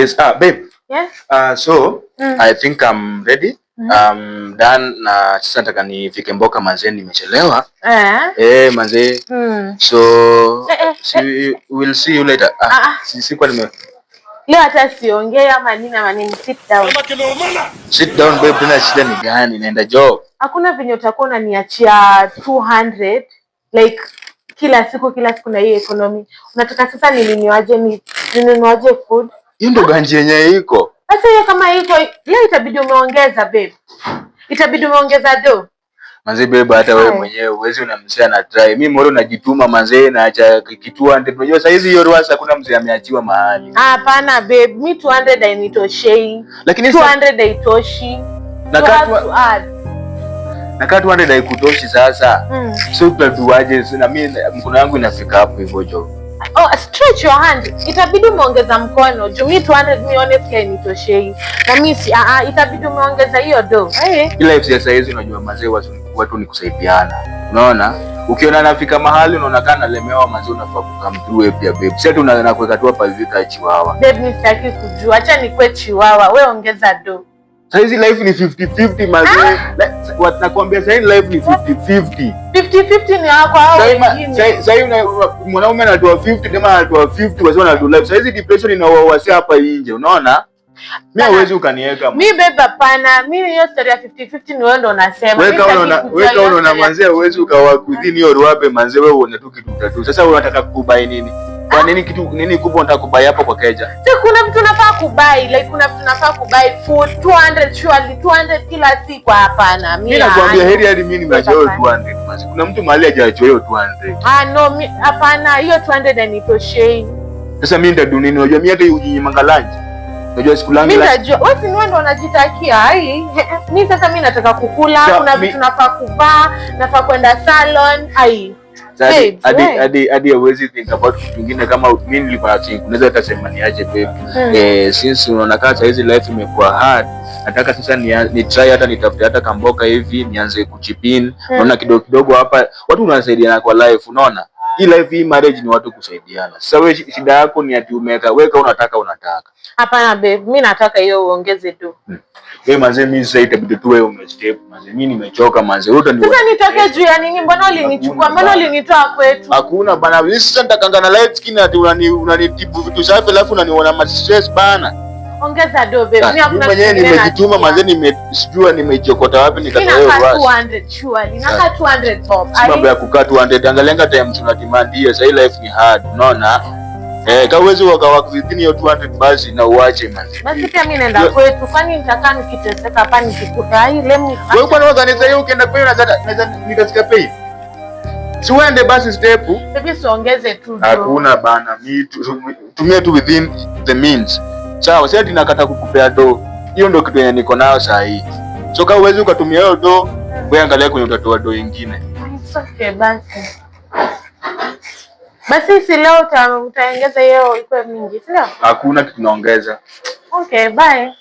Yes, ah, babe. Yeah. Uh, so mm. I think I'm ready. Mm -hmm. Um, Dan na sasa nataka nifike Mboka manzee, nimechelewa eh, eh manzee mm. So eh, eh, see, eh. We'll see you later. Ah, ah, ah. Si, si kwa nime leo hata siongea ama nini ama nini. Sit down, sit down babe, na shida ni gani? Naenda job, hakuna venye utakuwa unaniachia 200 like kila siku kila siku, na hii economy unataka sasa ni, ni, niniwaje, niniwaje food hiyo ndo ganji yenye iko sasa. Hiyo kama iko leo, itabidi umeongeza babe, itabidi umeongeza do manze babe. hata wewe mwenyewe uwezi unamsia na try mimi moro najituma manze, naacha kitu 100 unajua saa hizi hiyo ruasa, kuna mzee ameachiwa mahali. Hapana babe, mi 200 hainitoshei, lakini 200 haitoshi na katu na katu 200 haikutoshi sasa, mm. so tutaduaje? na mimi mkono wangu inafika hapo hivyo jo oh, stretch your hand, itabidi umeongeza mkono juu mi 200 milioni pia initoshei na mi si a ah, a, ah, itabidi umeongeza hiyo do hey. Eh? Ila siasa hizi unajua mazee, watu, watu ni kusaidiana, unaona ukiona nafika mahali unaona kana lemewa mazee, unafaa kukamtrue pia babe, si ati kuweka tu hapa hivi kaa chiwawa. Babe, mi sitaki kujua, acha nikwe chiwawa, Wewe ongeza do Saizi life ni 50-50 mazee. Ah! Nakwambia saizi life ni 50-50. 50-50 ni hako hao wengine. Saizi mwanaume anatoa 50, kama anatoa 50, wazima wanatoa life. Saizi depression inaua wazee hapa inje, unaona? Mi hawezi ukaniweka. Mi beba pana, mimi hiyo story ya 50-50 ni wendo unasema. Weka unaona, weka unaona manzee hawezi ukawakudhini ah. hiyo ruape manzee wewe unatuki tutatu. Sasa unataka kubaini nini? Kwa nini kitu nini kubwa unataka kubai hapo kwa Keja? Si kuna vitu nafaa kubai, like kuna vitu nafaa kubai for 200 surely 200 kila siku hapa na Mimi Mimi nakwambia heri hadi mimi nimeacha hiyo 200. Basi kuna mtu mahali hiyo 200. Ah no, hapana hiyo 200 hainitoshei. Sasa mimi ndio dunia, unajua mimi hata mangalaji. Unajua siku langu. Mimi najua wewe si ndio unajitakia hai. Mimi sasa mimi nataka kukula, kuna vitu nafaa kuvaa, nafaa kwenda salon, hai hadi hauwezi think about kitu kingine kama mimi nilipata, unaweza hata sema niaje baby. Hmm. Eh, since unaona kama hizi life imekuwa hard, nataka sasa ni, ni try hata nitafute hata kamboka hivi nianze kuchipin. Hmm. naona kidogo kidogo hapa watu wanasaidiana kwa life, unaona ila hivi marriage ni watu kusaidiana. Sasa wewe shida yako ni ati umeweka weka, unataka unataka. Hapana babe, mimi nataka hiyo uongeze tu hmm. Wewe manze, mimi sasa itabidi tu wewe umestep manze, mimi nimechoka manze. Wewe utani sasa nitoke juu ya nini? Mbona ulinichukua? Mbona ulinitoa kwetu? Hakuna bana, mimi sasa nitakangana light skin ati unanitibu vitu safi, alafu unaniona ma stress bana Ongeza dobe. Mimi mwenyewe nimejituma manze, nimesijua nimejiokota wapi nikatoa rush. Mambo ya kukaa 200 angalenga time tuna demand hiyo, sasa life ni hard, unaona? Eh, kama uwezi waka waka zidini 200 basi na uache manze. Basi pia mimi naenda kwetu, kwani nitakaa nikiteseka hapa nikikuta hii lemu. Wewe kwani wakanisa hiyo ukienda pale unaweza nikafika pale. Si uende basi step. Sasa siongeze tu. Hakuna bana, mimi tumie tu within the means. Sawa, sasa tunakata kukupea do. Hiyo ndio kitu yenye niko nayo saa hii. So kama uwezi ukatumia hiyo do, wewe angalia kwenye utatoa do nyingine. Okay, basi. Basi si leo utaongeza hiyo iko mingi, sio? Hakuna kitu naongeza. Okay, bye.